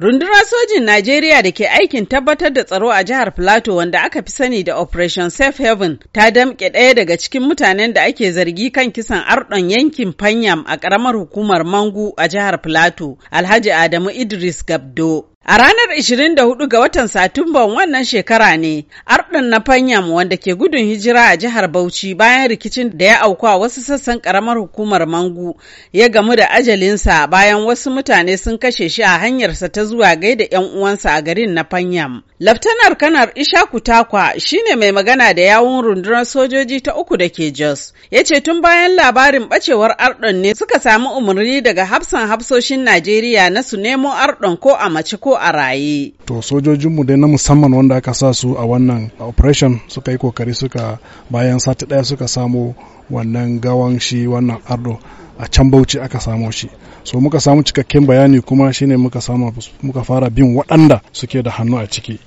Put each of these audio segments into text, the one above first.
Rundunar sojin Najeriya da ke aikin tabbatar da tsaro a jihar Plateau wanda aka fi sani da Operation Safe Haven ta damƙe ɗaya daga cikin mutanen da ake zargi kan kisan ardon yankin Fanyam a ƙaramar hukumar Mangu a jihar Plateau, Alhaji Adamu Idris Gabdo. A ranar 24 ga watan Satumban wannan shekara ne, Arɗin na Fanyam wanda ke gudun hijira a jihar Bauchi bayan rikicin da ya auku a wasu sassan ƙaramar hukumar Mangu ya gamu da ajalinsa bayan wasu mutane sun kashe shi a hanyarsa ta zuwa gaida 'yan uwansa a garin na Fanyam. Laftanar Kanar Ishaku Takwa shine mai magana da yawun rundunar sojoji ta uku da ke Jos. Ya ce tun bayan labarin ɓacewar Arɗin ne suka samu umarni daga hafsan hafsoshin Najeriya na su nemo Arɗin ko a mace ko ko a raye. To sojojinmu dai na musamman wanda aka sa su a wannan operation suka yi kokari suka bayan sati ɗaya suka samo wannan gawan shi wannan ardo a can bauchi aka samo shi so muka samu cikakken bayani kuma shine muka samu muka fara bin waɗanda suke da hannu a ciki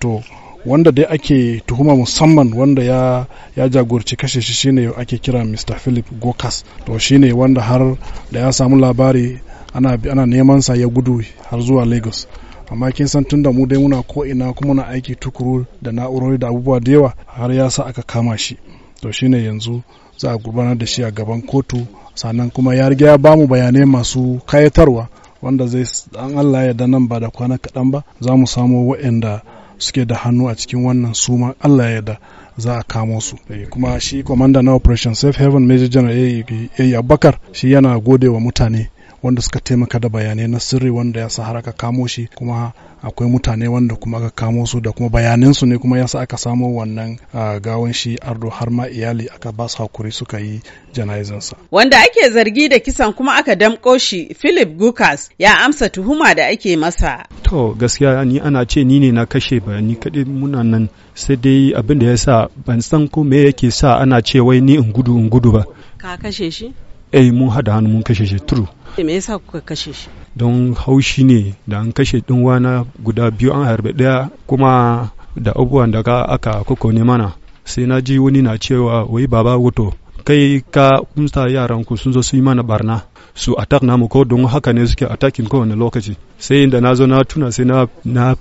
to wanda dai ake tuhuma musamman wanda ya, ya jagorci kashe shi shine ake kira mr philip gokas to shine wanda har da ya samu labari ana, ana neman sa ya gudu har zuwa lagos amma kin san tunda mu dai muna ko ina kuma na aiki tukuru da na'urori da abubuwa da yawa har ya sa aka kama shi to shine yanzu za a gurbanar da shi a gaban kotu sannan kuma ya riga ya bamu bayanai masu kayatarwa wanda zai an Allah ya nan ba da kwana kaɗan ba za mu samu waɗanda suke da hannu a cikin wannan suma Allah ya da za a kamo su eh, kuma shi commander na operation safe haven major general yayi abubakar shi yana gode wa mutane wanda suka taimaka da bayanai na sirri wanda ya sa har aka kamo shi kuma akwai mutane wanda kuma aka kamo su da kuma bayanansu ne kuma ya sa aka samo wannan gawan shi ardo har ma iyali aka ba su hakuri suka yi jana'izansa. Wanda ake zargi da kisan kuma aka damko shi Philip Gukas ya amsa tuhuma da ake masa. To gaskiya ni ana ce ni ne na kashe ba ni muna nan sai dai abin da ya sa ban san ko me yake sa ana ce wai ni in gudu in gudu ba. Ka kashe shi? Eh mun hada hannu mun kashe shi true. me yasa kuka kashe shi don haushi ne da an kashe wana guda biyu an harbe ɗaya kuma da abubuwan da aka kokone mana sai na ji wani na cewa wai baba wuto kai ka kumsa yaran ku sun zo su yi mana barna su attack namu ko don haka ne suke attacking kowane lokaci sai inda na zo na tuna sai na na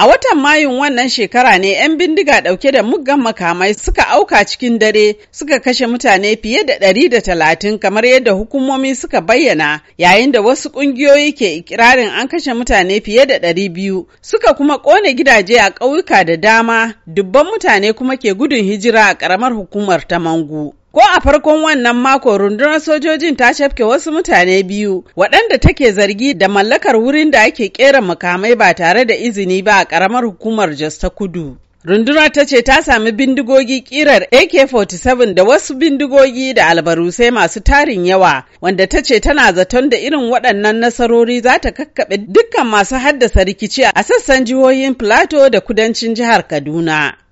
A watan Mayun wannan shekara ne 'yan bindiga ɗauke da muggan makamai suka auka cikin dare suka kashe mutane fiye da ɗari da talatin kamar yadda hukumomi suka bayyana yayin da wasu ƙungiyoyi ke ikirarin an kashe mutane fiye da ɗari biyu suka kuma ƙone gidaje a ƙauyuka da dama dubban mutane kuma ke gudun hijira a ƙaramar hukumar ta Mangu. Ko a farkon wannan mako rundunar sojojin ta shafke wasu mutane biyu waɗanda take zargi da mallakar wurin da ake ƙera makamai ba tare da izini ba a ƙaramar hukumar Jos ta Kudu. Runduna ta ce ta sami bindigogi ƙirar AK-47 da wasu bindigogi da albarusai masu tarin yawa, wanda ta ce tana zaton da irin waɗannan nasarori za ta kakkaɓe dukkan masu haddasa rikici a sassan jihohin Plateau da kudancin jihar Kaduna.